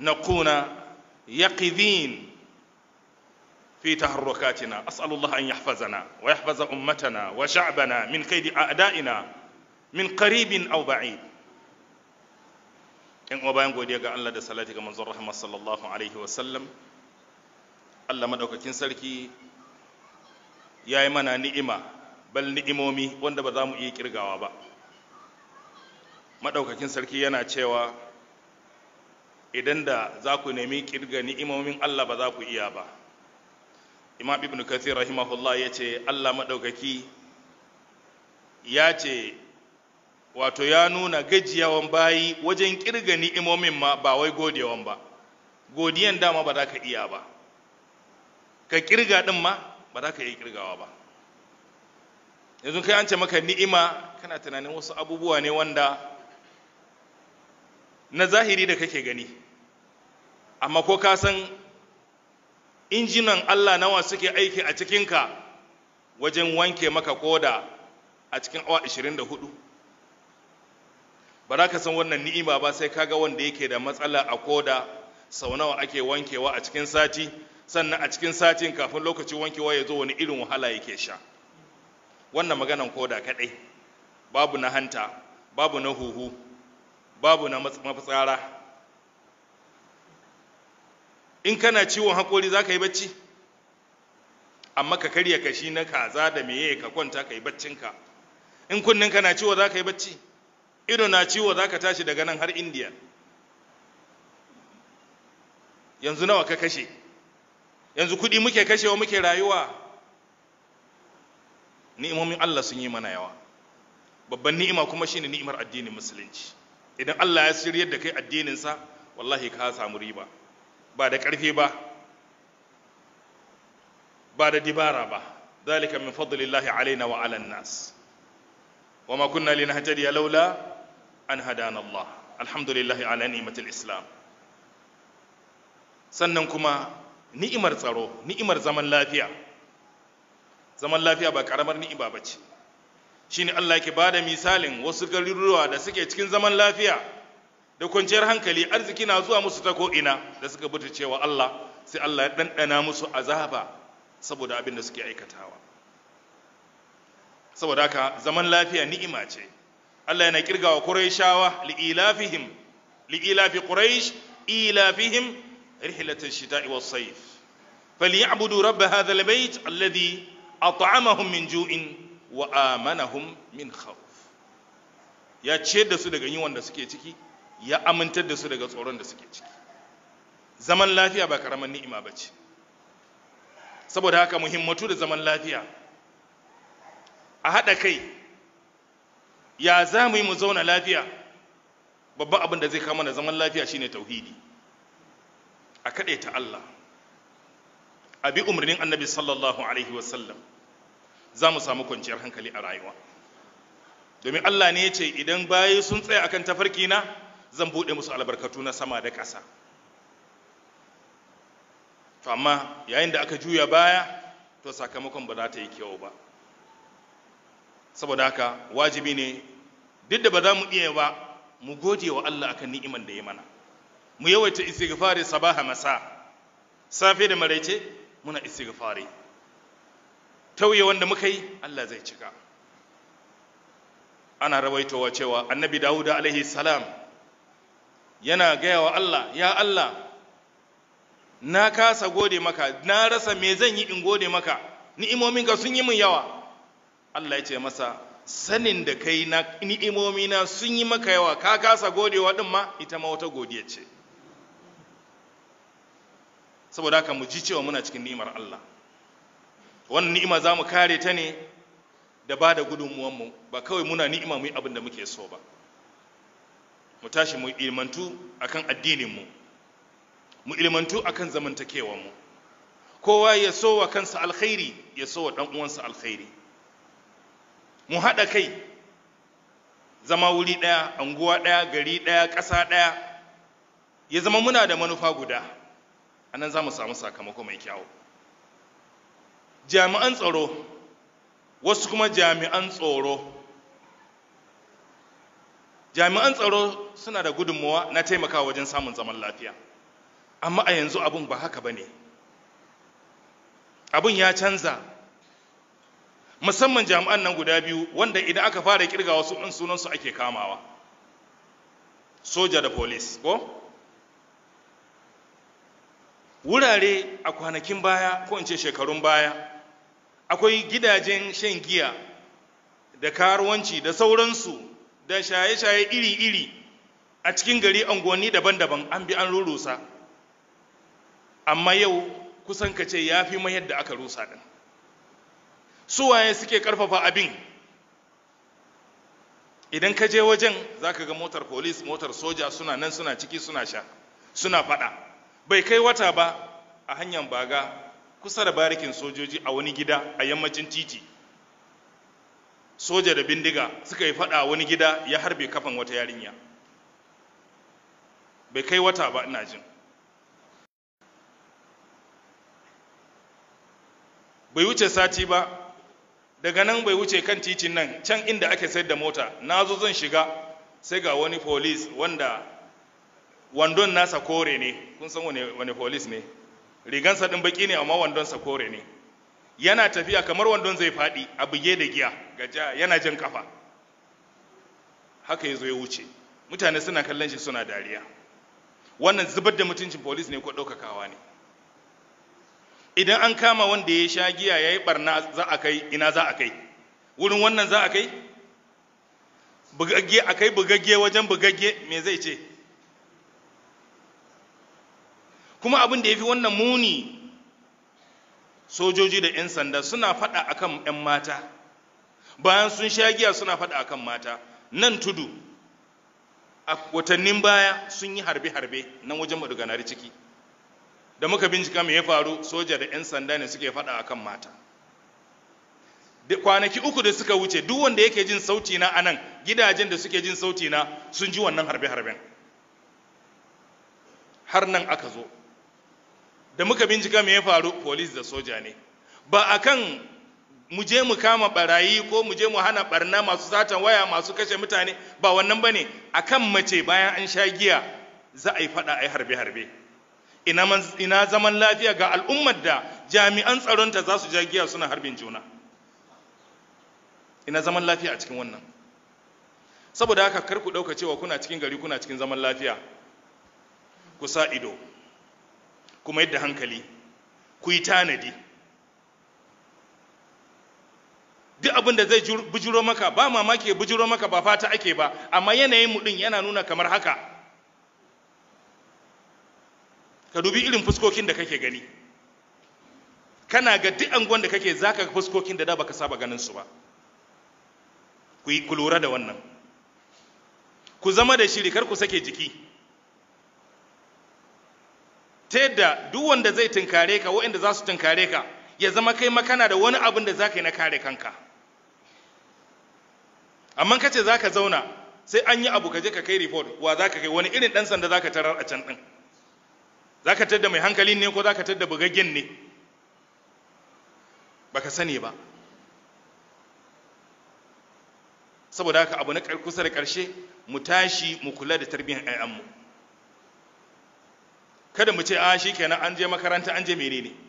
نكون يقظين في تحركاتنا أسأل الله أن يحفظنا ويحفظ أمتنا وشعبنا من كيد أعدائنا من قريب أو بعيد إن أبا ينقو ديك الله دي صلاتك من زر رحمة صلى الله عليه وسلم ألا الله مدعوك تنسلكي يا إمنا نئما بل نئمومي وندب دامو إيكير غوابا مدعوك تنسلكي ينا چيوا idan da za ku nemi kirga ni'imomin Allah ba za ku iya ba imam ibn kathir rahimahullah ya ce Allah maɗaukaki ya ce wato ya nuna gajiyawan bayi wajen kirga ni'imomin ma ba wai godiyawan ba godiyan dama ba za ka iya ba ka kirga ɗin ma ba za ka iya kirgawa ba yanzu kai an ce maka ni'ima kana tunanin wasu abubuwa ne wanda na zahiri da kake gani amma ko ka san injinan Allah nawa suke aiki a cikinka wajen wanke maka koda a cikin awa 24 ba za ka san wannan ni'ima ba sai kaga wanda yake da matsala a koda sau nawa ake wankewa a cikin sati sannan a cikin satin kafin lokacin wankewa ya zo wani irin wahala yake sha wannan maganan koda kadai babu na hanta babu na huhu babu na mafitsara in kana ciwon hakori za ka yi bacci amma ka karya kashi na kaza da meye ka kwanta ka yi baccinka in kunnen na ciwo za ka yi bacci ido na ciwo za ka tashi daga nan har indiya yanzu nawa ka kashe yanzu kuɗi muke kashewa muke rayuwa ni'imomin allah sun yi mana yawa babban ni'ima kuma shine ni'imar addinin musulunci idan allah ya shiryar da kai addininsa wallahi ka samu riba ba da ƙarfi ba ba da dibara ba zalika min fadlillahi alaina wa ala nas wa ma kunna linahtadiya laula an hadana Allah alhamdulillahi ala ni'matil islam sannan kuma ni'imar tsaro ni'imar zaman lafiya zaman lafiya ba karamar ni'ima bace shine Allah yake bada misalin wasu garuruwa da suke cikin zaman lafiya da kwanciyar hankali arziki na zuwa musu ta ko'ina da suka buta cewa Allah sai Allah ya ɗanɗana musu azaba saboda abin da suke aikatawa saboda haka zaman lafiya ni'ima ce Allah yana kirgawa Qurayshawa li'ilafihim li'ilafi Quraysh ilafihim rihlatan shita'i was sayf falyabudu rabb hadha albayt alladhi at'amahum min ju'in wa amanahum min khawf ya ce da su daga yi wanda suke ciki ya amintar da su daga tsoron da suke ciki zaman lafiya ba karamin ni'ima ba ce saboda haka muhimmatu da zaman lafiya a haɗa kai ya za mu yi mu zauna lafiya babban abin da zai kama da zaman lafiya shine tauhidi a ta Allah a bi umarnin annabi sallallahu alaihi wasallam za mu samu kwanciyar hankali a rayuwa domin Allah ne ya ce idan bayi sun tsaya akan tafarki na zan buɗe musu albarkatu na sama da ƙasa to amma yayin da aka juya baya to sakamakon ba za ta yi kyau ba saboda haka wajibi ne duk da ba za mu iya ba mu gode wa Allah akan ni'iman da ya mana mu yawaita istighfari sabaha masa safe da maraice muna istighfari tauye wanda muka yi Allah zai cika ana rawaitowa cewa annabi Dawuda alaihi salam yana gaya wa Allah ya Allah na kasa gode maka na rasa me zan yi in gode maka ni'imominka sun yi min yawa Allah ya ce masa sanin da kai na ni'imomina sun yi maka yawa ka kasa gode wa din ma ita ma wata godiya ce saboda haka mu ji cewa muna cikin ni'imar Allah wannan ni'ima za mu kare ta ne da ba da mu ba kawai muna ni'ima mu yi abin da muke so ba mu tashi mu ilmantu akan addininmu mu ilmantu akan mu, kowa ya so wa kansa alkhairi ya so wa ɗan uwansa alkhairi mu haɗa kai zama wuri ɗaya anguwa ɗaya gari ɗaya ƙasa ɗaya ya zama muna da manufa guda a nan za mu samu sakamako mai kyau. jami'an tsaro wasu kuma jami'an tsoro jami'an tsaro suna da gudunmawa na taimakawa wajen samun zaman lafiya amma a yanzu abun ba haka ba ne abun ya canza musamman jami'an nan guda biyu wanda idan aka fara kirga wasu ɗin sunansu ake kamawa soja da polis ko wurare a kwanakin baya ko in ce shekarun baya akwai gidajen shan giya da karuwanci da sauransu da shaye-shaye iri-iri a cikin gari unguwanni daban-daban an bi an rurusa amma yau kusan ka ce ya fi mayar da aka rusa ɗin waye suke ƙarfafa abin idan ka je wajen za ka ga motar polis motar soja suna nan suna ciki suna sha suna faɗa bai kai wata ba a hanyar baga kusa da barikin sojoji a wani gida a yammacin titi soja da bindiga suka yi faɗa wani gida ya harbe kafan wata yarinya bai kai wata ba ina jin bai wuce sati ba daga nan bai wuce kan titin nan can inda ake sayar da mota na zo zan shiga sai ga wani polis wanda wandon nasa kore ne kun san wani polis ne rigansa ɗin baki ne amma wandonsa kore ne yana tafiya kamar wandon zai faɗi a buge da giya gaja yana jan kafa haka ya ya wuce mutane suna kallon shi suna dariya wannan zubar da mutuncin police ne ko ɗaukakawa ne idan an kama wanda ya sha giya ya yi ɓarna za a kai ina za a kai wurin wannan za a kai bugagge a kai bugagge wajen bugagge me zai ce kuma abin da ya fi wannan muni sojoji da 'yan sanda suna faɗa akan 'yan mata bayan sun sha giya suna faɗa akan mata nan tudu a watannin baya sun yi harbe-harbe nan wajen maduganari ciki da muka bincika mai ya faru soja da 'yan sanda ne suke faɗa akan mata kwanaki uku da suka wuce duk wanda yake jin sauti na anan gidajen da suke jin sauti na sun ji wannan harbe-harben har nan aka zo da muka bincika mai ya faru polis da soja ne ba kan. mu je mu kama barayi ko mu je mu hana barna masu satan waya masu kashe mutane ba wannan bane akan mace bayan an sha giya za a yi fada a yi harbe harbe ina zaman lafiya ga al'ummar da jami'an tsaronta za su ja giya suna harbin juna ina zaman lafiya a cikin wannan saboda haka kar ku dauka cewa kuna cikin gari kuna cikin zaman lafiya ku sa ido kuma yadda hankali ku yi tanadi duk abin da zai bujuro maka ba mamaki ya bujuro maka ba fata ake ba amma yanayin mu din yana nuna kamar haka ka dubi irin fuskokin da kake gani kana ga duk angon da kake zaka ga fuskokin da da baka saba ganin su ba ku yi ku lura da wannan ku zama da shiri kar ku sake jiki ta yadda duk wanda zai tunkare ka wa'anda za su tunkare ka ya zama kai makana da wani abin da za ka yi na kare kanka amma kace zaka zauna sai an yi abu kaje ka kai report wa zaka kai wani irin dan sanda zaka tarar a can din zaka tadda mai hankalin ne ko zaka tadda bugaggen ne baka sani ba saboda haka abu na kusa da karshe mu tashi mu kula da tarbiyyar mu kada mu ce a ah, shi kenan an je makaranta an je menene